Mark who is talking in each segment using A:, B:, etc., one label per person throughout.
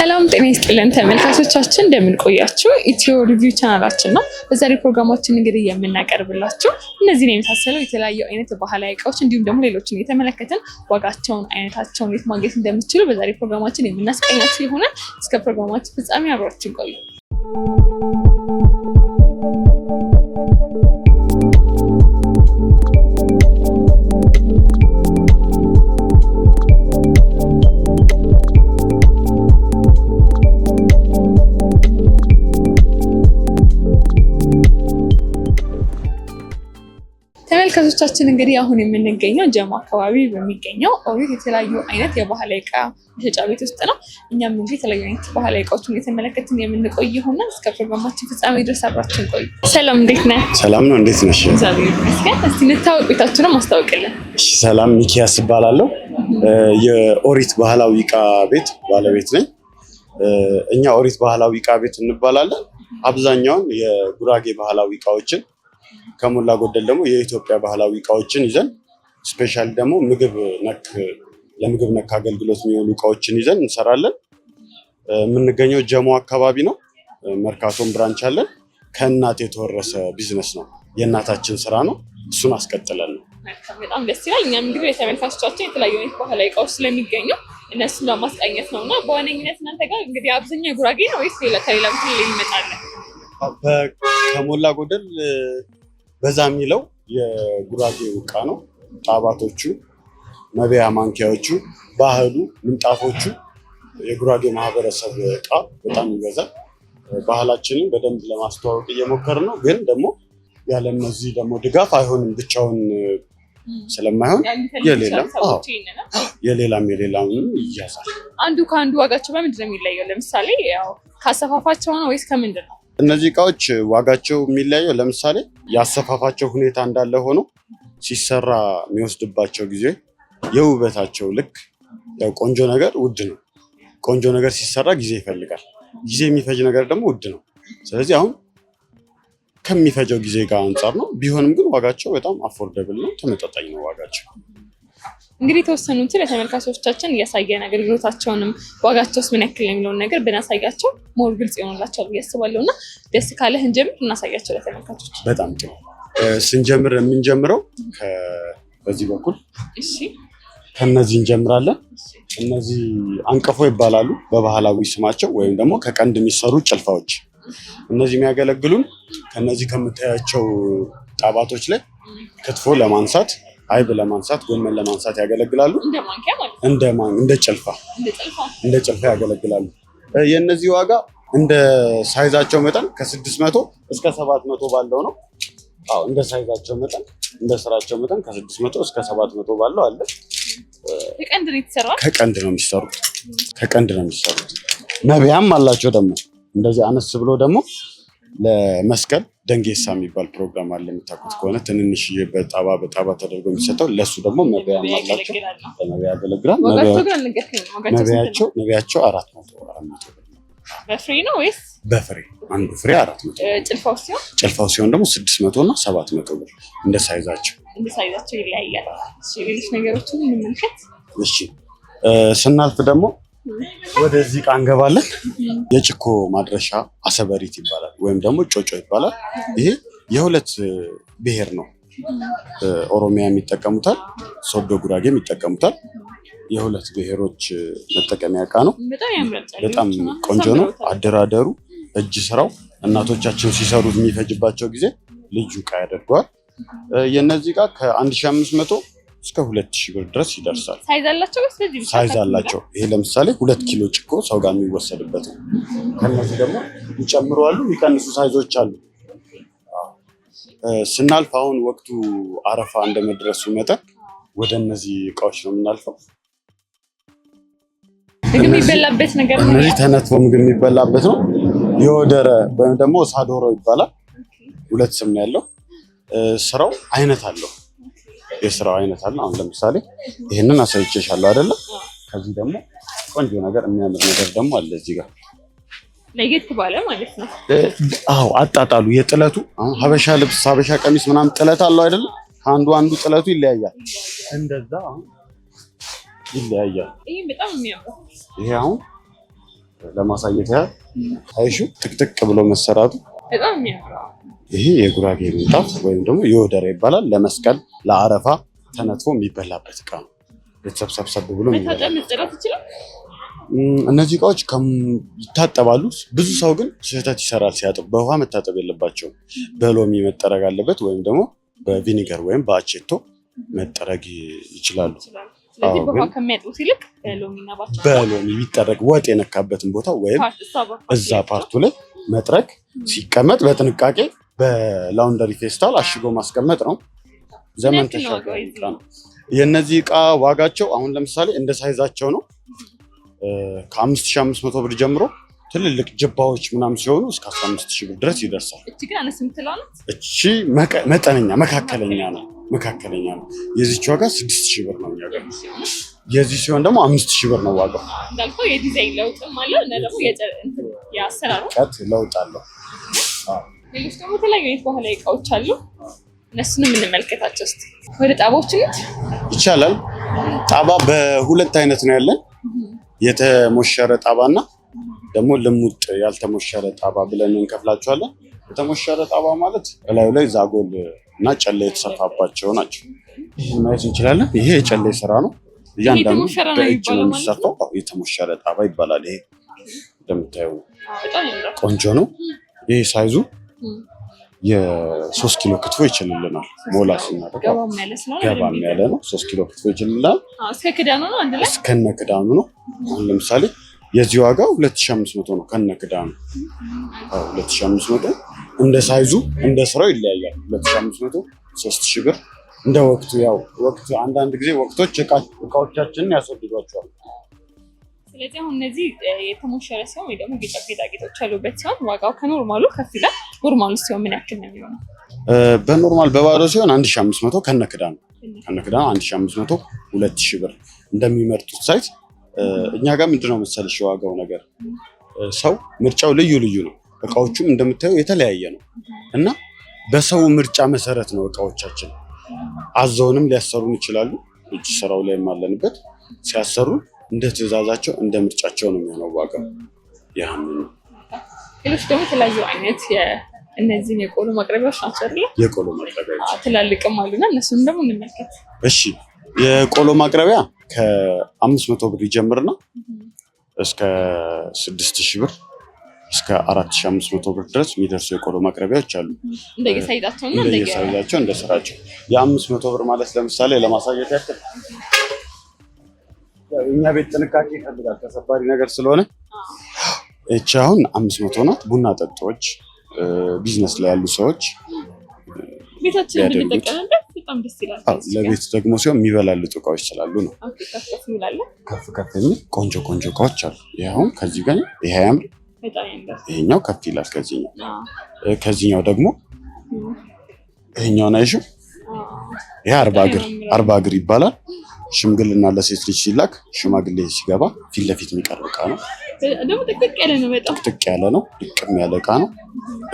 A: ሰላም ጤና ይስጥልን ተመልካቾቻችን፣ እንደምን ቆያችሁ? ኢትዮ ሪቪው ቻናላችን ነው። በዛሬ ፕሮግራማችን እንግዲህ የምናቀርብላችሁ እነዚህን የመሳሰለው የተለያዩ አይነት ባህላዊ እቃዎች እንዲሁም ደግሞ ሌሎችን የተመለከትን ዋጋቸውን፣ አይነታቸውን የት ማግኘት እንደምትችሉ በዛሬ ፕሮግራማችን የምናስቀኛችሁ ይሆናል። እስከ ፕሮግራማችን ፍጻሜ አብራችን ቆዩ። ተመልካቾቻችን እንግዲህ አሁን የምንገኘው ጀማ አካባቢ በሚገኘው ኦሪት የተለያዩ አይነት የባህላዊ እቃ መሸጫ ቤት ውስጥ ነው። እኛም እንግዲህ የተለያዩ አይነት ባህላዊ እቃዎችን እየተመለከትን የምንቆይ ይሆናል። እስከ ፕሮግራማችን ፍጻሜ ድረስ አብራችን ቆዩ። ሰላም፣ እንዴት ነህ?
B: ሰላም ነው። እንዴት ነሽ?
A: እግዚአብሔር እስቲ እንታወቅ፣ ቤታችንም ማስታወቅልን።
B: ሰላም፣ ሚኪያስ እባላለሁ። የኦሪት ባህላዊ እቃ ቤት ባለቤት ነኝ። እኛ ኦሪት ባህላዊ እቃ ቤት እንባላለን። አብዛኛውን የጉራጌ ባህላዊ እቃዎችን ከሞላ ጎደል ደግሞ የኢትዮጵያ ባህላዊ እቃዎችን ይዘን ስፔሻል ደግሞ ምግብ ነክ ለምግብ ነክ አገልግሎት የሚሆኑ እቃዎችን ይዘን እንሰራለን። የምንገኘው ጀሞ አካባቢ ነው። መርካቶም ብራንች አለን። ከእናት የተወረሰ ቢዝነስ ነው፣ የእናታችን ስራ ነው። እሱን አስቀጥለን ነው።
A: በጣም ደስ ይላል። እኛም እንግዲህ የተመልካቾቻችን የተለያዩ አይነት ባህላዊ እቃዎች ስለሚገኙ እነሱን ለማስቃኘት ነው እና በዋነኝነት እናንተ ጋር እንግዲህ አብዛኛው ጉራጌ ነው ወይስ ከሌላ ቦታ ላይ ይመጣለን?
B: ከሞላ ጎደል በዛ የሚለው የጉራጌ ውቃ ነው። ጣባቶቹ፣ መብያ ማንኪያዎቹ፣ ባህሉ፣ ምንጣፎቹ የጉራጌ ማህበረሰብ እቃ በጣም ይበዛል። ባህላችንን በደንብ ለማስተዋወቅ እየሞከር ነው። ግን ደግሞ ያለ እነዚህ ደግሞ ድጋፍ አይሆንም ብቻውን ስለማይሆን የሌላም የሌላም የሌላም ይያዛል።
A: አንዱ ከአንዱ ዋጋቸው በምንድን ነው የሚለየው? ለምሳሌ ያው ካሰፋፋቸው ነው ወይስ ከምንድን ነው?
B: እነዚህ እቃዎች ዋጋቸው የሚለያየው ለምሳሌ ያሰፋፋቸው ሁኔታ እንዳለ ሆኖ ሲሰራ የሚወስድባቸው ጊዜ የውበታቸው ልክ ያው ቆንጆ ነገር ውድ ነው። ቆንጆ ነገር ሲሰራ ጊዜ ይፈልጋል። ጊዜ የሚፈጅ ነገር ደግሞ ውድ ነው። ስለዚህ አሁን ከሚፈጀው ጊዜ ጋር አንጻር ነው። ቢሆንም ግን ዋጋቸው በጣም አፎርደብል ነው፣ ተመጣጣኝ ነው ዋጋቸው።
A: እንግዲህ የተወሰኑትን ለተመልካቾቻችን እያሳየን አገልግሎታቸውንም ዋጋቸውስ ምን ያክል የሚለውን ነገር ብናሳያቸው ሞር ግልጽ ይሆንላቸዋል ብዬ አስባለሁ። እና ደስ ካለህ እንጀምር፣ እናሳያቸው ለተመልካቾች።
B: በጣም ጥሩ። ስንጀምር የምንጀምረው በዚህ በኩል ከነዚህ እንጀምራለን። እነዚህ አንቀፎ ይባላሉ በባህላዊ ስማቸው፣ ወይም ደግሞ ከቀንድ የሚሰሩ ጭልፋዎች። እነዚህ የሚያገለግሉን ከነዚህ ከምታያቸው ጣባቶች ላይ ክትፎ ለማንሳት አይብ ለማንሳት ጎመን ለማንሳት ያገለግላሉ። እንደ እንደ ጭልፋ እንደ ጭልፋ ያገለግላሉ። የእነዚህ ዋጋ እንደ ሳይዛቸው መጠን ከስድስት መቶ እስከ ሰባት መቶ ባለው ነው። አዎ እንደ ሳይዛቸው መጠን እንደ ስራቸው መጠን ከስድስት መቶ እስከ ሰባት መቶ ባለው አለ። ከቀንድ ነው የሚሰሩት። ከቀንድ ነው የሚሰሩት። ነቢያም አላቸው ደግሞ እንደዚህ አነስ ብሎ ደግሞ ለመስቀል ደንጌሳ የሚባል ፕሮግራም አለ የምታውቁት ከሆነ ትንንሽ በጣባ በጣባ ተደርጎ የሚሰጠው ለእሱ ደግሞ መቢያ አላቸው።
A: ለመበያ ያገለግላል።
B: መቢያቸው መበያቸው አራት መቶ አራት መቶ
A: በፍሬ ነው ወይስ
B: በፍሬ? አንዱ ፍሬ አራት መቶ ጭልፋው ሲሆን ደግሞ ስድስት መቶ እና ሰባት መቶ ብር እንደ ሳይዛቸው
A: እንደ ሳይዛቸው ይለያያል። ሌሎች ነገሮችን እንመልከት
B: እሺ። ስናልፍ ደግሞ ወደዚህ እቃ እንገባለን። የጭኮ ማድረሻ አሰበሪት ይባላል፣ ወይም ደግሞ ጮጮ ይባላል። ይሄ የሁለት ብሔር ነው። ኦሮሚያም ይጠቀሙታል፣ ሶዶ ጉራጌም ይጠቀሙታል። የሁለት ብሔሮች መጠቀሚያ እቃ ነው። በጣም ቆንጆ ነው አደራደሩ፣ እጅ ስራው እናቶቻችን ሲሰሩ የሚፈጅባቸው ጊዜ ልዩ እቃ ያደርገዋል። የእነዚህ እቃ ከ1500 እስከ ሁለት ሺህ ብር ድረስ ይደርሳል። ሳይዝ አላቸው። ይሄ ለምሳሌ ሁለት ኪሎ ጭኮ ሰው ጋር የሚወሰድበት ነው። ከነዚህ ደግሞ ይጨምሩ አሉ፣ ይቀንሱ ሳይዞች አሉ። ስናልፍ አሁን ወቅቱ አረፋ እንደመድረሱ መጠን ወደ እነዚህ እቃዎች ነው የምናልፈው።
A: ምግብ የሚበላበት ነገር ነው።
B: እነዚህ ተነትፎ ምግብ የሚበላበት ነው። የወደረ ወይም ደግሞ ሳዶሮ ይባላል። ሁለት ስም ነው ያለው። ስራው አይነት አለው የስራው አይነት አለ። አሁን ለምሳሌ ይህንን አሳይቼሻለሁ አይደለ? ከዚህ ደግሞ ቆንጆ ነገር የሚያምር ነገር ደግሞ አለ እዚህ ጋር
A: ለየት ባለ ማለት ነው።
B: አዎ አጣጣሉ የጥለቱ አሁን ሀበሻ ልብስ ሀበሻ ቀሚስ ምናምን ጥለት አለው አይደለ? ከአንዱ አንዱ ጥለቱ ይለያያል። እንደዛ አሁን ይለያያል።
A: ይሄ በጣም የሚያምር
B: ይሄ አሁን ለማሳየት ያህል አይሹ ጥቅጥቅ ብሎ መሰራቱ በጣም የሚያምር ይሄ የጉራጌ ምንጣፍ ወይም ደግሞ የወደራ ይባላል። ለመስቀል ለአረፋ ተነጥፎ የሚበላበት እቃ ነው። ቤተሰብ ሰብሰብ ብሎ እነዚህ እቃዎች ይታጠባሉ። ብዙ ሰው ግን ስህተት ይሰራል ሲያጥብ። በውሃ መታጠብ የለባቸውም። በሎሚ መጠረግ አለበት፣ ወይም ደግሞ በቪኒገር ወይም በአቼቶ መጠረግ ይችላሉ። በሎሚ ቢጠረግ ወጥ የነካበትን ቦታ ወይም እዛ ፓርቱ ላይ መጥረግ ሲቀመጥ በጥንቃቄ በላውንደሪ ፌስታል አሽጎ ማስቀመጥ ነው። ዘመን ተሻገረ ነው። የእነዚህ ዕቃ ዋጋቸው አሁን ለምሳሌ እንደ ሳይዛቸው ነው። ከ5500 ብር ጀምሮ ትልልቅ ጅባዎች ምናምን ሲሆኑ እስከ 15000 ብር ድረስ ይደርሳል። እቺ መጠነኛ መካከለኛ ነው መካከለኛ ነው። የዚች ዋጋ 6000 ብር ነው። የሚያገ የዚህ ሲሆን ደግሞ 5000 ብር ነው ዋጋው።
A: እንዳልከው የዲዛይን ለውጥም አለው እና ደግሞ የአሰራሩ
B: ቀጥ ለውጥ አለው።
A: ሌሎች ደግሞ የተለያዩ አይነት ባህላዊ እቃዎች አሉ። እነሱንም እንመልከታቸው እስኪ። ወደ ጣባዎች ነት
B: ይቻላል። ጣባ በሁለት አይነት ነው ያለን፣ የተሞሸረ ጣባ እና ደግሞ ልሙጥ ያልተሞሸረ ጣባ ብለን እንከፍላቸዋለን። የተሞሸረ ጣባ ማለት እላዩ ላይ ዛጎል እና ጨሌ የተሰፋባቸው ናቸው። ይህ ማየት እንችላለን። ይሄ የጨሌ ስራ ነው። እያንዳንዱ በእጅ ነው የሚሰፋው። የተሞሸረ ጣባ ይባላል። ይሄ እንደምታየው ቆንጆ ነው። ይሄ ሳይዙ የሶስት ኪሎ ክትፎ ይችልልናል። ሞላ ስናደርግ ገባም ያለ ነው። ሶስት ኪሎ ክትፎ ይችልልናል። እስከነ ክዳኑ ነው። አሁን ለምሳሌ የዚህ ዋጋ ሁለት ሺህ አምስት መቶ ነው ከነ ክዳኑ ሁለት ሺህ አምስት መቶ እንደ ሳይዙ እንደ ስራው ይለያያል። ሁለት ሺህ አምስት መቶ ሶስት ሺህ ብር እንደ ወቅቱ ያው ወቅቱ አንዳንድ ጊዜ ወቅቶች እቃዎቻችንን ያስወድዷቸዋል።
A: ስለዚህ አሁን እነዚህ የተሞሸረ ሲሆን ወይ ደግሞ ጌጣጌጣጌጦች ያሉበት ሲሆን ዋጋው ከኖርማሉ ከፍ ይላል። ኖርማል ሲሆን ምን ያክል ነው የሚሆነው?
B: በኖርማል በባዶ ሲሆን 1500 ከነክዳ ነው ክዳን 1500 2000 ብር እንደሚመርጡት ሳይት። እኛ ጋር ምንድነው መሰለሽ የዋጋው ነገር ሰው ምርጫው ልዩ ልዩ ነው። እቃዎቹም እንደምታየው የተለያየ ነው እና በሰው ምርጫ መሰረት ነው እቃዎቻችን። አዘውንም ሊያሰሩን ይችላሉ። እጅ ስራው ላይ የማለንበት ሲያሰሩን እንደ ትዕዛዛቸው እንደ ምርጫቸው ነው የሚሆነው ዋጋው ነው።
A: ሌሎች ደግሞ የተለያዩ አይነት እነዚህን የቆሎ ማቅረቢያዎች ናቸው አይደለ?
B: የቆሎ ማቅረቢያዎች
A: ትላልቅም አሉና እነሱን ደግሞ እንመልከት።
B: እሺ የቆሎ ማቅረቢያ ከአምስት መቶ ብር ይጀምርና እስከ ስድስት ሺህ ብር እስከ አራት ሺህ አምስት መቶ ብር ድረስ የሚደርሱ የቆሎ ማቅረቢያዎች አሉ። እንደየሳይዛቸው እንደ ስራቸው የአምስት መቶ ብር ማለት ለምሳሌ ለማሳየት ያክል እኛ ቤት ጥንቃቄ ይፈልጋል ተሰባሪ ነገር ስለሆነ እቺ አሁን አምስት መቶ ናት። ቡና ጠጦች ቢዝነስ ላይ ያሉ ሰዎች ቤታችን ለቤት ደግሞ ሲሆን የሚበላልጡ እቃዎች ስላሉ ነው። ከፍ ከፍ የሚል ቆንጆ ቆንጆ እቃዎች አሉ። ይኸውም ከዚህ ጋር ይሄ ያምር፣ ይሄኛው ከፍ ይላል። ከዚህኛው ከዚህኛው ደግሞ ይሄኛውን አይሽም። ይሄ አርባ እግር አርባ እግር ይባላል። ሽምግልና ለሴት ልጅ ሲላክ ሽማግሌ ሲገባ ፊት ለፊት የሚቀርብ እቃ ነው።
A: ደግሞ ጥቅጥቅ ያለ ነው። በጣም
B: ጥቅጥቅ ያለ ነው። ልቅም ያለ እቃ ነው።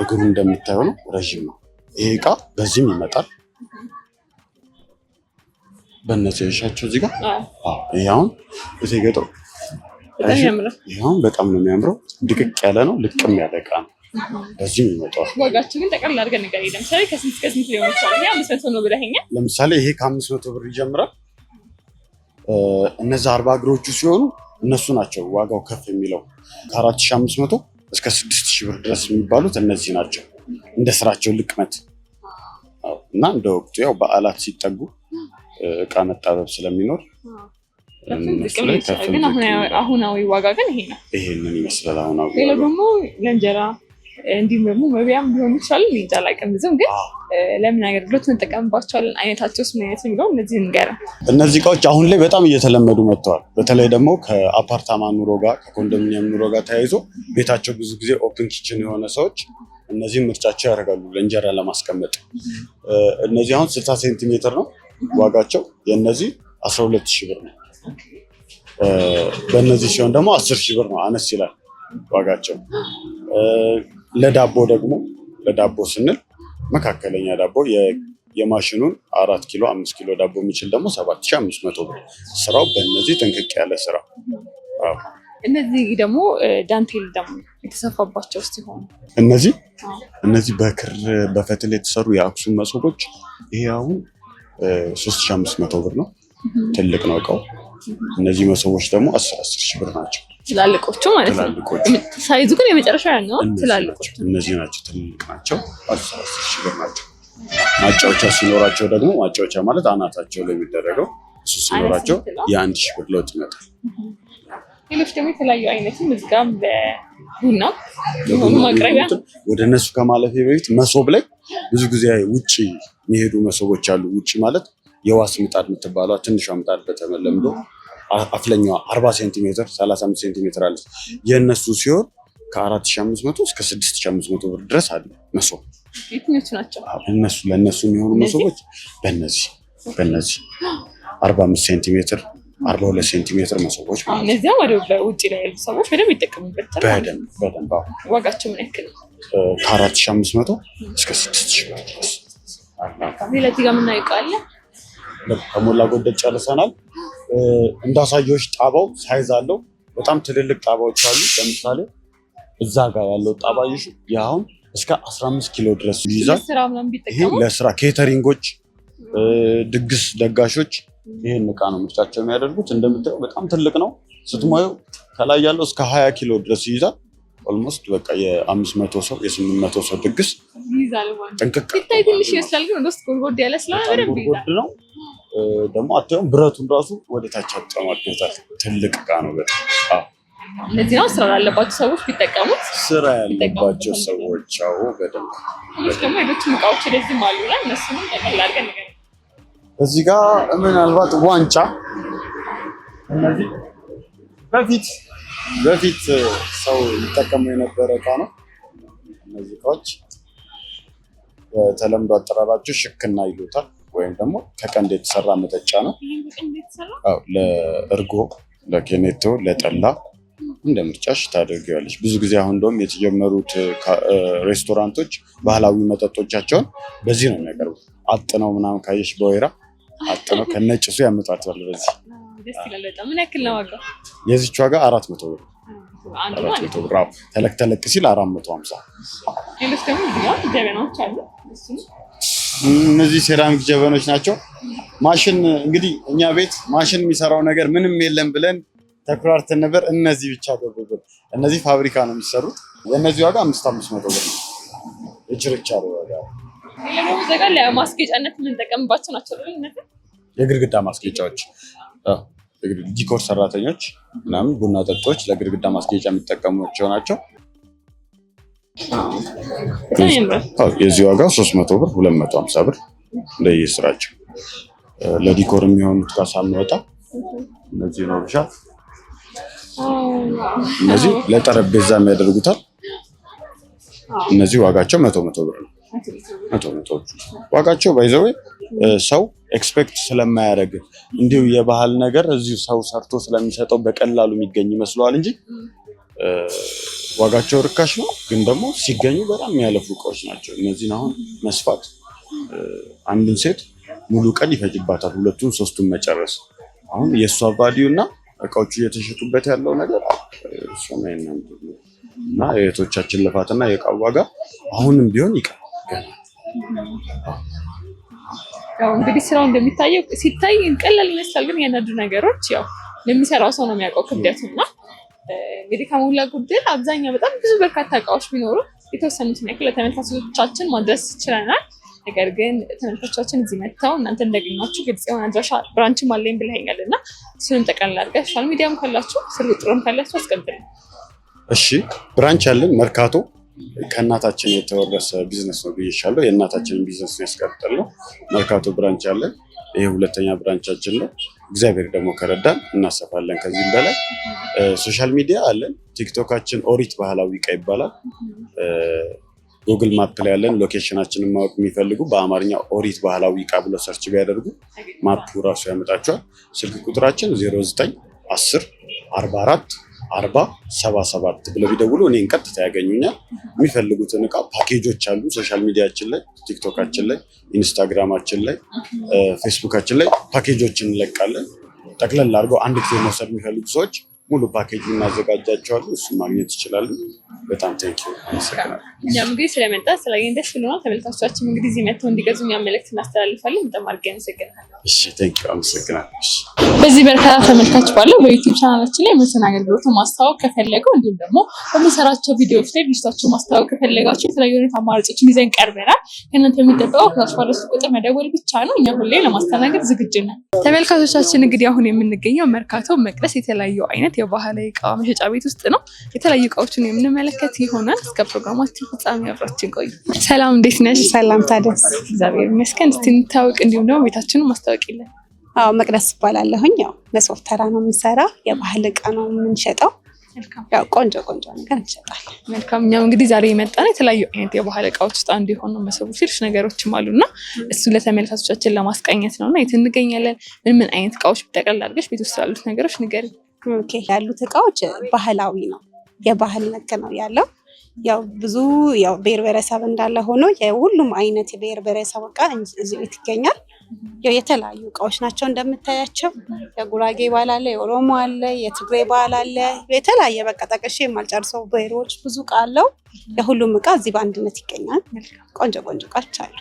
B: እግሩ እንደምታየው ነው፣ ረዥም ነው። ይሄ እቃ በዚህም ይመጣል። በእነዚህ ያሻቸው እዚህ ጋር ይሁን እዚህ በጣም ነው የሚያምረው። ድቅቅ ያለ ነው። ልቅም ያለ እቃ ነው። በዚህም ይመጣል።
A: ዋጋቸው ግን ጠቅላላ አድርገን ነገር ለምሳሌ ከስንት ከስንት ሊሆን ይችላል? አምስት መቶ ነው ብለኸኛል።
B: ለምሳሌ ይሄ ከአምስት መቶ ብር ይጀምራል። እነዚህ አርባ እግሮቹ ሲሆኑ እነሱ ናቸው ዋጋው ከፍ የሚለው ከ 4500 መቶ እስከ 6000 ብር ድረስ የሚባሉት እነዚህ ናቸው። እንደ ስራቸው ልቅመት እና እንደ ወቅቱ ያው በዓላት ሲጠጉ እቃ መጣበብ ስለሚኖር
A: አሁናዊ ዋጋ ግን ይሄ ነው።
B: ይሄንን ይመስላል አሁናዊ
A: ሌላ ደግሞ ለእንጀራ እንዲሁም ደግሞ መቢያም ሊሆን ይችላል እንጃ አላውቅም። ብዙም ግን ለምን አገልግሎት እንጠቀምባቸዋለን፣ አይነታቸውስ ምን አይነት የሚለው እነዚህ ንገረ።
B: እነዚህ እቃዎች አሁን ላይ በጣም እየተለመዱ መጥተዋል። በተለይ ደግሞ ከአፓርታማ ኑሮ ጋር ከኮንዶሚኒየም ኑሮ ጋር ተያይዞ ቤታቸው ብዙ ጊዜ ኦፕን ኪችን የሆነ ሰዎች እነዚህ ምርጫቸው ያደርጋሉ ለእንጀራ ለማስቀመጥ። እነዚህ አሁን ስልሳ ሴንቲሜትር ነው ዋጋቸው። የእነዚህ 12 ብር ነው። በእነዚህ ሲሆን ደግሞ 10 ሺ ብር ነው፣ አነስ ይላል ዋጋቸው። ለዳቦ ደግሞ ለዳቦ ስንል መካከለኛ ዳቦ የማሽኑን አራት ኪሎ አምስት ኪሎ ዳቦ የሚችል ደግሞ ሰባት ሺህ አምስት መቶ ብር። ስራው በእነዚህ ጥንቅቅ ያለ ስራ።
A: እነዚህ ደግሞ ዳንቴል ደግሞ የተሰፋባቸው ሲሆኑ
B: እነዚህ እነዚህ በክር በፈትል የተሰሩ የአክሱም መሶቦች ይሄ አሁን ሶስት ሺህ አምስት መቶ ብር ነው። ትልቅ ነው እቃው። እነዚህ መሶቦች ደግሞ አስር አስር ሺህ ብር ናቸው።
A: ትላልቆቹ ማለት ነው። ሳይዙ ግን የመጨረሻ ነው።
B: ትላልቆቹ እነዚህ ናቸው። ትልልቅ ናቸው። አስራ አስር ሺህ ብር ናቸው። ማጫወቻ ሲኖራቸው ደግሞ ማጫወቻ ማለት አናታቸው ላይ የሚደረገው እሱ ሲኖራቸው የአንድ ሺህ ብር ለውጥ ይመጣል።
A: ሌሎች ደግሞ የተለያዩ አይነትም እዚህ ጋር ቡና ማቅረቢያ
B: ወደ እነሱ ከማለፌ በፊት መሶብ ላይ ብዙ ጊዜ ውጭ የሚሄዱ መሶቦች አሉ። ውጭ ማለት የዋስ ምጣድ የምትባሏ ትንሿ ምጣድ በተለምዶ አፍለኛዋ 40 ሴንቲሜትር 35 ሴንቲሜትር አለ። የእነሱ ሲሆን ከ4500 እስከ 6500 ብር ድረስ አለ መሶብ።
A: የትኞቹ ናቸው
B: እነሱ? ለእነሱ የሚሆኑ መሶቦች በነዚህ በነዚህ 45 ሴንቲሜትር 42 ሴንቲሜትር መሶቦች
A: እነዚያም ወደ ውጭ ላይ ያሉ ሰዎች በደንብ ይጠቀሙበታል።
B: በደንብ በደንብ
A: ዋጋቸው ምን ያክል ነው?
B: ከአራት ሺህ አምስት መቶ እስከ ስድስት ሺህ ብር ድረስ።
A: ሌላ እዚህ ጋ የምናውቀው ቃለ
B: ከሞላ ጎደል ጨርሰናል። እንዳሳየች ጣባው ሳይዝ አለው። በጣም ትልልቅ ጣባዎች አሉ። ለምሳሌ እዛ ጋር ያለው ይሹ ያሁን እስከ 15 ኪሎ ድረስ ይይዛል። ይሄ ለስራ ኬተሪንጎች፣ ድግስ ለጋሾች ይሄን እቃ ነው ምርጫቸው የሚያደርጉት። እንደምታየው በጣም ትልቅ ነው። ስትማየው ከላይ ያለው እስከ 20 ኪሎ ድረስ ይይዛል። ኦልሞስት በቃ የ መቶ ሰው የ800 ሰው ድግስ
A: ጥንቅቅ ነው።
B: ደግሞ አታዩም፣ ብረቱን ራሱ ወደ ታች አጨማደታል። ትልቅ እቃ ነው በጣም
A: እነዚህ ነው ስራ ላለባቸው ሰዎች ቢጠቀሙት፣
B: ስራ ያለባቸው ሰዎች አዎ፣ በደንብ
A: ደግሞ ሌሎችም እቃዎች ለዚህ አሉ ና እነሱም ጠቅላላ አድርገን ነገር
B: እዚህ ጋር ምናልባት ዋንጫ እነዚህ በፊት በፊት ሰው ይጠቀሙ የነበረ እቃ ነው። እነዚህ እቃዎች በተለምዶ አጠራራቸው ሽክና ይሉታል። ወይም ደግሞ ከቀንድ የተሰራ መጠጫ ነው። ለእርጎ፣ ለኬኔቶ፣ ለጠላ እንደ ምርጫሽ ታደርጊዋለሽ። ብዙ ጊዜ አሁን እንደውም የተጀመሩት ሬስቶራንቶች ባህላዊ መጠጦቻቸውን በዚህ ነው የሚያቀርቡት። አጥነው ምናምን ካየሽ በወይራ አጥነው ከነጭሱ ያመጣታል።
A: በዚህ ምን ያክል ነው ዋጋ?
B: የዚች ዋጋ አራት መቶ ብር ተለቅ ተለቅ ሲል አራት መቶ ሀምሳ
A: ሌሎች ደግሞ ጀበናዎች አሉ
B: እነዚህ ሴራሚክ ጀበኖች ናቸው። ማሽን እንግዲህ እኛ ቤት ማሽን የሚሰራው ነገር ምንም የለም ብለን ተኩራርተን ነበር። እነዚህ ብቻ ገቡብን። እነዚህ ፋብሪካ ነው የሚሰሩት። የእነዚህ ዋጋ አምስት አምስት መቶ ብር ነው። ዋጋ
A: ዘጋ ለማስጌጫነት የምንጠቀምባቸው ናቸው።
B: የግድግዳ ማስጌጫዎች ዲኮር ሰራተኞች ምናምን ቡና ጠጦች ለግድግዳ ማስጌጫ የሚጠቀሙቸው ናቸው። የዚህ ዋጋ 300 ብር 250 ብር እንደየ ለዲኮር የሚሆኑት ጋር ሳንወጣ እነዚህ ነው ብቻ። እነዚህ ለጠረጴዛ የሚያደርጉታል። እነዚህ ዋጋቸው መቶ መቶ ብር ነው። መቶ መቶ ዋጋቸው ባይዘው ሰው ኤክስፔክት ስለማያደርግ እንዲሁ የባህል ነገር እዚሁ ሰው ሰርቶ ስለሚሰጠው በቀላሉ የሚገኝ ይመስለዋል እንጂ ዋጋቸው ርካሽ ነው፣ ግን ደግሞ ሲገኙ በጣም የሚያለፉ እቃዎች ናቸው። እነዚህን አሁን መስፋት አንድን ሴት ሙሉ ቀን ይፈጅባታል፣ ሁለቱን ሶስቱን መጨረስ። አሁን የእሷ ቫሊዩ እና እቃዎቹ እየተሸጡበት ያለው ነገር እና የእህቶቻችን ልፋትና የእቃ ዋጋ አሁንም ቢሆን ይቀር
A: ያው እንግዲህ ስራው እንደሚታየው ሲታይ ቀላል ይመስላል፣ ግን የነዱ ነገሮች ያው ለሚሰራው ሰው ነው የሚያውቀው ክብደቱና እንግዲህ ከሞላ ጎደል አብዛኛው በጣም ብዙ በርካታ እቃዎች ቢኖሩ የተወሰኑትን ያክል ለተመልካቾቻችን ማድረስ ችለናል። ነገር ግን ተመልካቾቻችን እዚህ መጥተው እናንተ እንዳገኛችሁ ግልጽ የሆነ አድራሻ ብራንችም አለኝ ብለኸኛል እና እሱንም ጠቅላላ አድርገህ ሶሻል ሚዲያም ካላችሁ ስልክ ቁጥርም ካላችሁ አስቀምጥልን።
B: እሺ ብራንች አለን መርካቶ ከእናታችን የተወረሰ ቢዝነስ ነው ብዬሻለሁ። የእናታችንን ቢዝነስ ነው ያስቀጥል ነው መርካቶ ብራንች አለን። ይህ ሁለተኛ ብራንቻችን ነው። እግዚአብሔር ደግሞ ከረዳን እናሰፋለን። ከዚህም በላይ ሶሻል ሚዲያ አለን። ቲክቶካችን ኦሪት ባህላዊ ቃ ይባላል። ጉግል ማፕ ላይ ያለን ሎኬሽናችንን ማወቅ የሚፈልጉ በአማርኛ ኦሪት ባህላዊ እቃ ብሎ ሰርች ቢያደርጉ ማፑ ራሱ ያመጣቸዋል። ስልክ ቁጥራችን 09 44 አርባ ሰባ ሰባት ብለው ቢደውሉ እኔን ቀጥታ ያገኙኛል። የሚፈልጉትን እቃ ፓኬጆች አሉ። ሶሻል ሚዲያችን ላይ ቲክቶካችን ላይ ኢንስታግራማችን ላይ ፌስቡካችን ላይ ፓኬጆችን እንለቃለን። ጠቅለል አድርገው አንድ ጊዜ መውሰድ የሚፈልጉ ሰዎች ሙሉ ፓኬጅ እናዘጋጃቸዋለን። እሱ ማግኘት ይችላሉ። በጣም ታንኪዩ አመሰግናለሁ።
A: እኛም እንግዲህ ስለመጣ ስለገኝ ደስ ብሎናል። ተመልካቾቻችን እንግዲህ እዚህ መጥተው እንዲገዙ እኛም መልዕክት እናስተላልፋለን። በጣም አድርጌ አመሰግናለሁ።
B: እሺ ታንኪዩ አመሰግናለሁ።
A: በዚህ በርካታ ተመልካች ባለው በዩቲዩብ ቻናላችን ላይ መሰን አገልግሎት ማስታወቅ ከፈለገው እንዲሁም ደግሞ በምንሰራቸው ቪዲዮዎች ላይ ድርጅታቸው ማስታወቅ ከፈለጋቸው የተለያዩ ሁኔታ አማራጮችን ይዘን ቀርበናል። ከእናንተ የሚጠበቀው ከታች ባለው ቁጥር መደወል ብቻ ነው። እኛ ሁሌ ለማስተናገድ ዝግጁ ነን። ተመልካቾቻችን እንግዲህ አሁን የምንገኘው መርካቶ መቅደስ የተለያዩ አይነት የባህላዊ እቃ መሸጫ ቤት ውስጥ ነው። የተለያዩ እቃዎችን የምንመለከት ይሆናል። እስከ ፕሮግራማችን ፍጻሜ አብራችን ቆዩ። ሰላም፣ እንዴት ነሽ?
C: ሰላም ታደስ።
A: እግዚአብሔር ይመስገን። እስቲ እንታወቅ፣ እንዲሁም ደግሞ ቤታችንን ማስታወቂለን።
C: አዎ፣ መቅደስ ይባላለሁኝ። ያው መሶብ ተራ ነው የምንሰራ፣ የባህል እቃ ነው የምንሸጠው። ያው ቆንጆ ቆንጆ ነገር እንሸጣለን።
A: መልካም። እኛም እንግዲህ ዛሬ የመጣነው የተለያዩ አይነት የባህል እቃዎች ውስጥ አንዱ የሆኑ መሰቡ ሌሎች ነገሮችም አሉ እና እሱ ለተመልካቶቻችን ለማስቃኘት ነው እና የት እንገኛለን? ምን ምን አይነት እቃዎች ጠቅላላ አድርገሽ ቤት ውስጥ ያሉት ነገሮች ንገሪኝ።
C: ያሉት እቃዎች ባህላዊ ነው። የባህል ነክ ነው ያለው። ያው ብዙ ያው ብሔር ብሔረሰብ እንዳለ ሆኖ የሁሉም አይነት የብሔር ብሔረሰብ እቃ እዚህ ቤት ይገኛል። የተለያዩ እቃዎች ናቸው እንደምታያቸው። የጉራጌ ባህል አለ፣ የኦሮሞ አለ፣ የትግሬ ባህል አለ። የተለያየ በቃ ጠቅሼ የማልጨርሰው ብሔሮች ብዙ እቃ አለው። የሁሉም እቃ እዚህ በአንድነት ይገኛል። ቆንጆ ቆንጆ እቃዎች አሉ።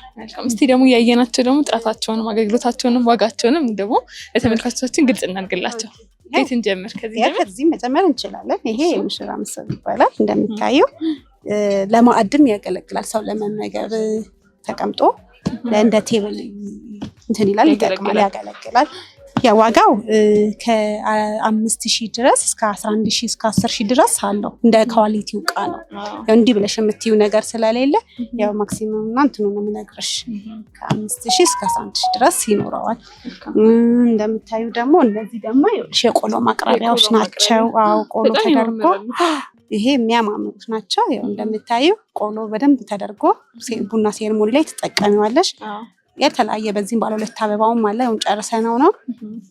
A: እስቲ ደግሞ ያየናቸው ደግሞ ጥራታቸውንም አገልግሎታቸውንም ዋጋቸውንም ደግሞ ለተመልካቾቻችን ግልጽ እናድርግላቸው። ቤት እንጀምር።
C: ከዚህ መጀመር እንችላለን። ይሄ የምሽራ ምስር ይባላል። እንደሚታየው ለማዕድም ያገለግላል። ሰው ለመመገብ ተቀምጦ እንደ ቴብል እንትን ይላል፣ ይጠቅማል፣ ያገለግላል። የዋጋው ከአምስት ሺህ ድረስ እስከ አስራ አንድ ሺህ እስከ አስር ሺህ ድረስ አለው። እንደ ኳሊቲው እቃ ነው። እንዲህ ብለሽ የምትይው ነገር ስለሌለ ያው ማክሲመም እና እንትኑ ነው የምነግርሽ። ከአምስት ሺህ እስከ አስራ አንድ ሺህ ድረስ ይኖረዋል። እንደምታዩ ደግሞ እነዚህ ደግሞ የቆሎ ማቅረቢያዎች ናቸው። አዎ ቆሎ ተደርጎ ይሄ የሚያማምሩት ናቸው። ያው እንደምታዩ ቆሎ በደንብ ተደርጎ ቡና ሴርሞኒ ላይ ትጠቀሚዋለሽ። የተለያየ በዚህም ባለ ሁለት አበባውም አለ። አሁን ጨርሰ ነው ነው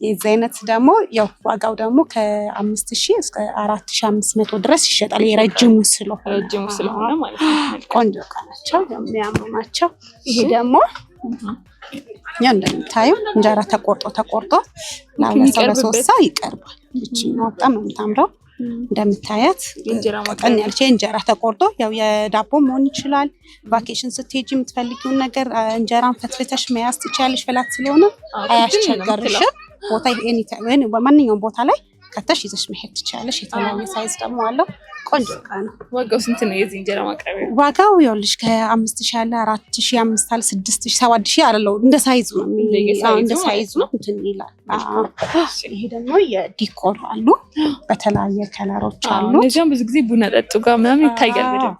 C: የዚህ አይነት ደግሞ ያው ዋጋው ደግሞ ከአምስት ሺህ እስከ አራት ሺህ አምስት መቶ ድረስ ይሸጣል። የረጅሙ
A: ስለሆነ ስለሆነ ማለት
C: ቆንጆ ቆንጆ ናቸው፣ የሚያምሩ ናቸው። ይሄ ደግሞ ያው እንደምታየው እንጀራ ተቆርጦ ተቆርጦ ለሁለት ሰው ለሶስት ሰው ይቀርባል። ይቺ በጣም ነው የምታምረው። እንደምታያት ቀጠን ያለች እንጀራ ተቆርጦ ያው የዳቦ መሆን ይችላል። ቫኬሽን ስትሄጂ የምትፈልጊውን ነገር እንጀራን ፈትፍተሽ መያዝ ትችያለሽ። ፍላት ስለሆነ አያስቸገርሽም። ቦታ ማንኛውም ቦታ ላይ ቀተሽ ይዘሽ መሄድ ትችላለሽ። የተለያየ ሳይዝ ደግሞ አለው። ቆንጆ እቃ ነው።
A: ዋጋው ስንት ነው? የዚህ እንጀራ ማቅረቢያ
C: ዋጋው ይኸውልሽ ከአምስት ሺ አለ አራት ሺ አምስት አለ ስድስት ሺ ሰባት ሺ አለው። እንደ ሳይዙ ነው እንደ ሳይዙ ነው እንትን ይላል። ይሄ ደግሞ የዲኮር አሉ በተለያየ ከለሮች
A: አሉ። እዚም ብዙ ጊዜ ቡና ጠጡ ጋር ምናምን ይታያል በደንብ።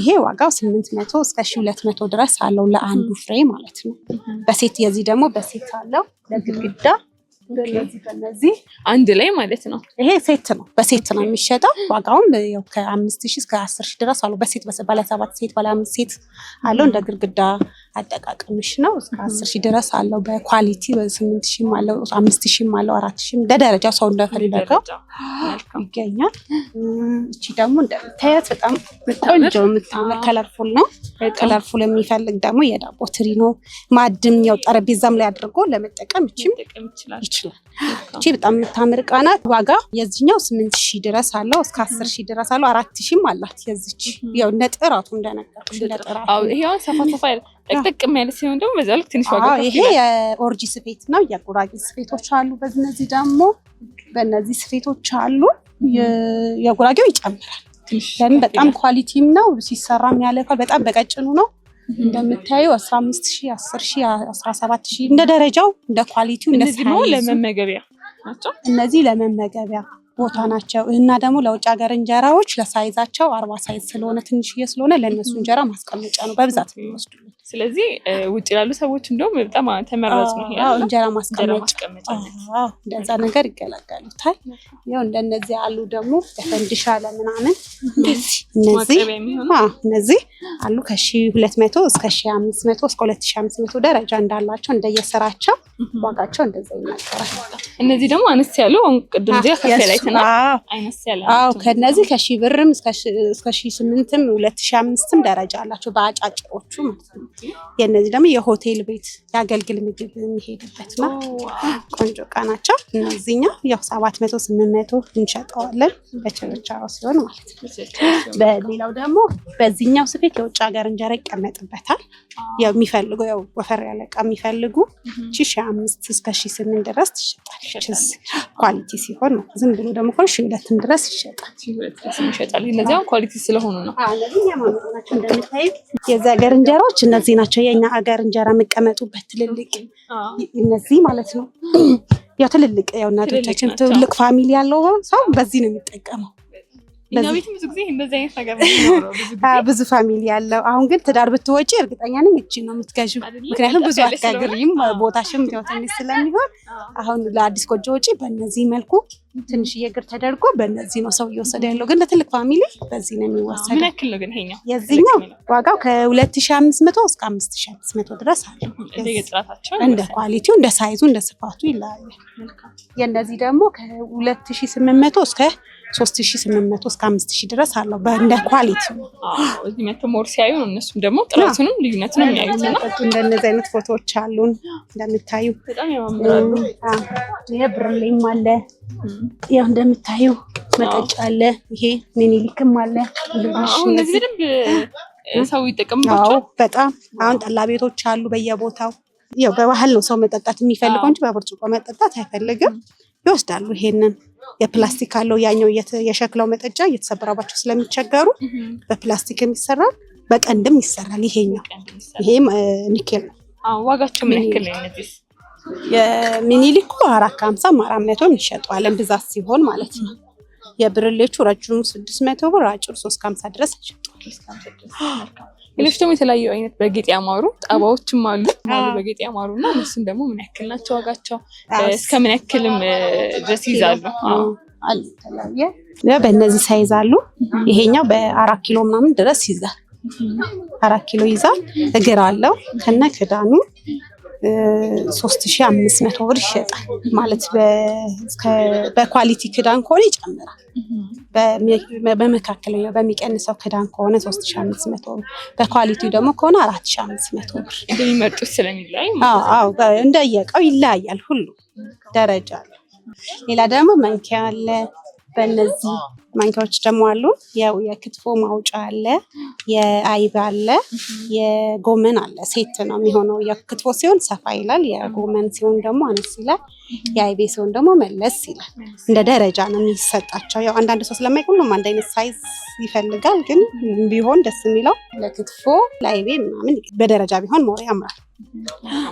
C: ይሄ ዋጋው ስምንት መቶ እስከ ሺ ሁለት መቶ ድረስ አለው ለአንዱ ፍሬ ማለት ነው። በሴት የዚህ ደግሞ በሴት አለው ለግድግዳ
A: ከነዚህ አንድ ላይ ማለት ነው።
C: ይሄ ሴት ነው፣ በሴት ነው የሚሸጠው። ዋጋውም ከአምስት ሺህ እስከ አስር ሺህ ድረስ አሉ። በሴት ባለ ሴት ባለ አምስት ሴት አለው። እንደ ግድግዳ አጠቃቀምሽ ነው። እስከ አስር ሺህ ድረስ አለው በኳሊቲ በስምንት ሺህም አለው አምስት ሺህም አለው አራት ሺህም ሰው እንደፈለገው ይገኛል። እቺ ደግሞ እንደምታያት በጣም ቆንጆ የምታምር ከለርፉል ነው። ከለርፉል የሚፈልግ ደግሞ የዳቦ ትሪ ነው። ማድም ያው ጠረጴዛም ላይ አድርጎ ለመጠቀም እችም ይችላል። እቺ በጣም የምታምር እቃ ናት። ዋጋ የዚህኛው ስምንት ሺህ ድረስ አለው እስከ አስር ሺህ ድረስ አለው አራት ሺህም አላት። የዚች ያው እንደ ጥራቱ
A: ይሄው ሰፋ ሰፋ ጥቅጥቅ የሚያለ ሲሆን ደግሞ በዛ ልክ ትንሽ
C: ዋጋ ይሄ የኦርጂ ስፌት ነው። የጉራጌ ስፌቶች አሉ። በነዚህ ደግሞ በእነዚህ ስፌቶች አሉ። የጉራጌው ይጨምራል። ለምን በጣም ኳሊቲም ነው። ሲሰራም ያለኳል በጣም በቀጭኑ ነው እንደምታዩ 15 ሺህ 10 ሺ 17 ሺ እንደ ደረጃው እንደ ኳሊቲው
A: እነዚህ ለመመገቢያ ናቸው።
C: እነዚህ ለመመገቢያ ቦታ ናቸው እና ደግሞ ለውጭ ሀገር እንጀራዎች ለሳይዛቸው አርባ ሳይዝ ስለሆነ ትንሽዬ ስለሆነ ለእነሱ እንጀራ ማስቀመጫ ነው በብዛት የሚወስዱልን።
A: ስለዚህ ውጭ ላሉ ሰዎች እንደውም በጣም ተመራጭ ነው
C: እንጀራ ማስቀመጫ እንደዛ ነገር ይገለገሉታል። ያው እንደነዚህ አሉ ደግሞ ለፈንዲሻ ለምናምን እነዚህ እነዚህ አሉ ከሺ ሁለት መቶ እስከ ሺ አምስት መቶ እስከ ሁለት ሺ አምስት መቶ ደረጃ እንዳላቸው እንደየስራቸው ዋጋቸው እንደዛ ይናገራል።
A: እነዚህ ደግሞ አነስ ያሉ ቅድም ላይ
C: አነስ ያለ ከነዚህ ከሺ ብርም እስከ ሺ ስምንትም ሁለት ሺ አምስትም ደረጃ አላቸው በአጫጭሮቹ ማለት ነው። የእነዚህ ደግሞ የሆቴል ቤት የአገልግል ምግብ የሚሄድበት ነው። ቆንጆ እቃ ናቸው። እነዚህኛ ያው ሰባት መቶ ስምንት መቶ እንሸጠዋለን በችርቻሮ ሲሆን ማለት ነው። በሌላው ደግሞ በዚህኛው ስፌት የውጭ ሀገር እንጀራ ይቀመጥበታል። የሚፈልጉ ያው ወፈር ያለ እቃ የሚፈልጉ ሺ አምስት እስከ ሺ ስምንት ድረስ ይሸጣል። ኳሊቲ ሲሆን ነው። ዝም ብሎ ደግሞ ሆን ሺ ሁለትም ድረስ ይሸጣል
A: ይሸጣል። ኳሊቲ ስለሆኑ ነው።
C: እንደምታዩት የዚ ሀገር እንጀራዎች እነዚህ ናቸው። የእኛ ሀገር እንጀራ የምቀመጡበት ትልልቅ እነዚህ ማለት ነው። ያው ትልልቅ ያው እናቶቻችን ትልቅ ፋሚሊ ያለው ሰው በዚህ ነው የሚጠቀመው። ብዙ ፋሚሊ ያለው አሁን ግን ትዳር ብትወጪ እርግጠኛ ነኝ እጅ ነው የምትገዥው። ምክንያቱም ብዙ አትጋግሪም ቦታሽም ትንሽ ስለሚሆን አሁን ለአዲስ ጎጆ ውጪ በእነዚህ መልኩ ትንሽዬ እግር ተደርጎ በእነዚህ ነው ሰው እየወሰደ ያለው። ግን ለትልቅ ፋሚሊ በዚህ ነው የሚወሰደው።
A: ምን ያክል ነው ግን ይሄኛው?
C: የዚህኛው ዋጋው ከ2500 እስከ 5500 ድረስ አለ። እንደ ኳሊቲው፣ እንደ ሳይዙ፣ እንደ ስፋቱ ይለያያል። የእነዚህ ደግሞ ከ2800 እስከ ሶስት ሺ ስምንት መቶ እስከ አምስት ሺ ድረስ አለው በእንደ ኳሊቲ
A: እዚህ ሞር ሲያዩ ነው እነሱም ደግሞ ጥራቱንም የሚያዩት።
C: እንደነዚህ አይነት ፎቶዎች አሉን እንደምታዩ ይሄ ብርሌም አለ ያው እንደምታዩ መጠጫ አለ። ይሄ ሚኒሊክም አለ።
A: እነዚህ በደንብ ሰው
C: በጣም አሁን ጠላ ቤቶች አሉ በየቦታው ያው በባህል ነው ሰው መጠጣት የሚፈልገው እንጂ በብርጭቆ መጠጣት አይፈልግም። ይወስዳሉ። ይሄንን የፕላስቲክ አለው ያኛው የሸክላው መጠጫ እየተሰበራባቸው ስለሚቸገሩ በፕላስቲክም ይሰራል፣ በቀንድም ይሰራል። ይሄኛው ይሄም ኒኬል ነው።
A: ዋጋቸው ምን ያክል ነው? እነዚህ
C: የሚኒሊኩ አራት ከሀምሳ አራት መቶ ይሸጠዋለን ብዛት ሲሆን ማለት ነው። የብርሌቹ ረጅሙ ስድስት መቶ ብር አጭሩ ሶስት ከሀምሳ ድረስ ይሸጠዋል።
A: ሌሎች ደግሞ የተለያዩ አይነት በጌጥ ያማሩ ጣባዎችም አሉ በጌጥ ያማሩ እና እነሱን ደግሞ ምን ያክል ናቸው ዋጋቸው? እስከ ምን ያክልም ድረስ ይዛሉ
C: አለ በእነዚህ ሳይዝ አሉ። ይሄኛው በአራት ኪሎ ምናምን ድረስ ይዛል። አራት ኪሎ ይዛል። እግር አለው ከነ ክዳኑ ሶስት ሺህ አምስት መቶ ብር ይሸጣል ማለት በኳሊቲ ክዳን ከሆነ ይጨምራል። በመካከለኛው በሚቀንሰው ክዳን ከሆነ ሶስት ሺህ አምስት መቶ ብር በኳሊቲ ደግሞ ከሆነ አራት ሺህ አምስት መቶ ብር
A: እንደሚመርጡት ስለሚለያይ
C: እንደየቀው ይለያያል። ሁሉ ደረጃ አለ። ሌላ ደግሞ መንኪያ አለ በእነዚህ ማንኪያዎች ደግሞ አሉ። ያው የክትፎ ማውጫ አለ፣ የአይብ አለ፣ የጎመን አለ። ሴት ነው የሚሆነው። የክትፎ ሲሆን ሰፋ ይላል፣ የጎመን ሲሆን ደግሞ አነስ ይላል፣ የአይቤ ሲሆን ደግሞ መለስ ይላል። እንደ ደረጃ ነው የሚሰጣቸው። ያው አንዳንድ ሰው ስለማይቅ ሁሉም አንድ አይነት ሳይዝ ይፈልጋል። ግን ቢሆን ደስ የሚለው ለክትፎ ለአይቤ ምናምን በደረጃ ቢሆን ሞሪ ያምራል።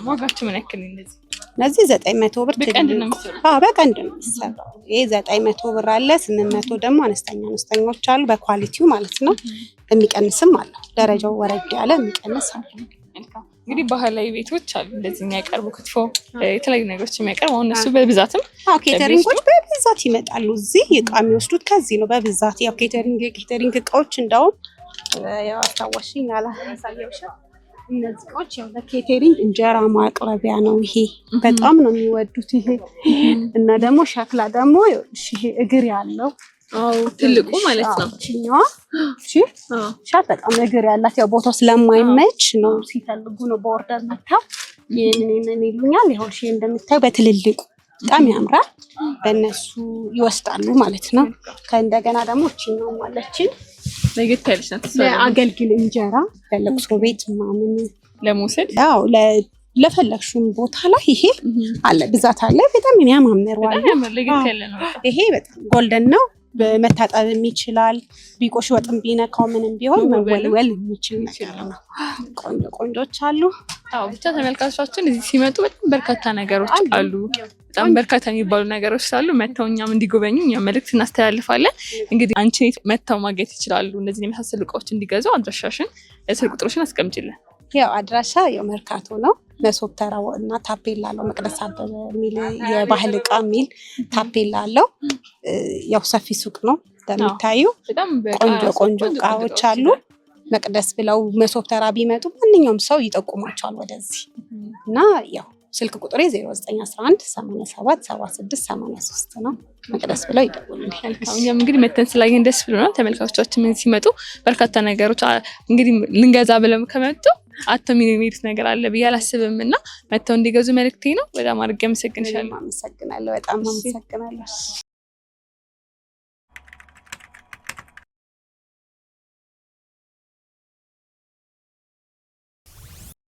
A: ዋጋቸው ምን ያክል እንደዚህ
C: እነዚህ ዘጠኝ መቶ ብር በቀንድ ነው የሚሰራው። ይሄ ዘጠኝ መቶ ብር አለ። ስምንት መቶ ደግሞ አነስተኛ አነስተኛዎች አሉ፣ በኳሊቲው ማለት ነው። የሚቀንስም አለ፣ ደረጃው ወረድ ያለ የሚቀንስ አለ።
A: እንግዲህ ባህላዊ ቤቶች አሉ እንደዚህ የሚያቀርቡ ክትፎ፣ የተለያዩ ነገሮች የሚያቀርቡ አሁን እነሱ በብዛትም
C: ኬተሪንጎች በብዛት ይመጣሉ። እዚህ እቃ የሚወስዱት ከዚህ ነው በብዛት ያው ኬተሪንግ የኬተሪንግ እቃዎች እንዳውም ያው አስታወሽኝ አላ እነዚህ እቃዎች ያው ለኬቴሪንግ እንጀራ ማቅረቢያ ነው። ይሄ በጣም ነው የሚወዱት። ይሄ እና ደግሞ ሸክላ ደግሞ ይሄ እግር ያለው
A: ትልቁ ማለት ነው።
C: ችኛዋ ሻት በጣም እግር ያላት ያው ቦታው ስለማይመች ነው። ሲፈልጉ ነው በኦርደር መታው ይህንን ይሉኛል። ይሁን ሺ እንደምታዩ በትልልቁ በጣም ያምራል። በእነሱ ይወስዳሉ ማለት ነው። ከእንደገና ደግሞ እችኛውም አለችን
A: ለየት ያለች ናት።
C: ለአገልግል እንጀራ ለለቅሶ ቤት ምናምን ለመውሰድ ያው ለፈለግሽም ቦታ ላይ ይሄ አለ ብዛት አለ። በጣም የሚያማምር ይሄ በጣም ጎልደን ነው። መታጠብ የሚችላል ቢቆሽ ወጥም ቢነካው ምንም ቢሆን መወልወል የሚችል ነገር ነው። ቆንጆ ቆንጆች አሉ።
A: ብቻ ተመልካቾቻችን እዚህ ሲመጡ በጣም በርካታ ነገሮች አሉ። በጣም በርካታ የሚባሉ ነገሮች ስላሉ መተው እኛም እንዲጎበኙ እኛ መልእክት እናስተላልፋለን። እንግዲህ አንቺ መተው ማግኘት ይችላሉ እነዚህን የመሳሰሉ እቃዎች እንዲገዙ አድራሻሽን፣ ስልክ ቁጥሮችን አስቀምጭልን።
C: ያው አድራሻ ያው መርካቶ ነው መሶብ ተራው እና ታፔላ አለው። መቅደስ አበበ የሚል የባህል እቃ የሚል ታፔላ አለው። ያው ሰፊ ሱቅ ነው እንደሚታዩ ቆንጆ ቆንጆ እቃዎች አሉ። መቅደስ ብለው መሶብ ተራ ቢመጡ ማንኛውም ሰው ይጠቁማቸዋል ወደዚህ እና ያው ስልክ ቁጥሬ 8776 ነው። መቅደስ ብለው ይደውሉልኛል።
A: እኛም እንግዲህ መተን ስላየን ደስ ብሎናል። ተመልካቾቻችን ምን ሲመጡ በርካታ ነገሮች እንግዲህ ልንገዛ ብለው ከመጡ አቶ የሚሄዱት ነገር አለ ብዬ አላስብም እና መጥተው እንዲገዙ መልእክቴ ነው። በጣም አድርጌ አመሰግንሻለሁ።
C: አመሰግናለሁ። በጣም አመሰግናለሁ።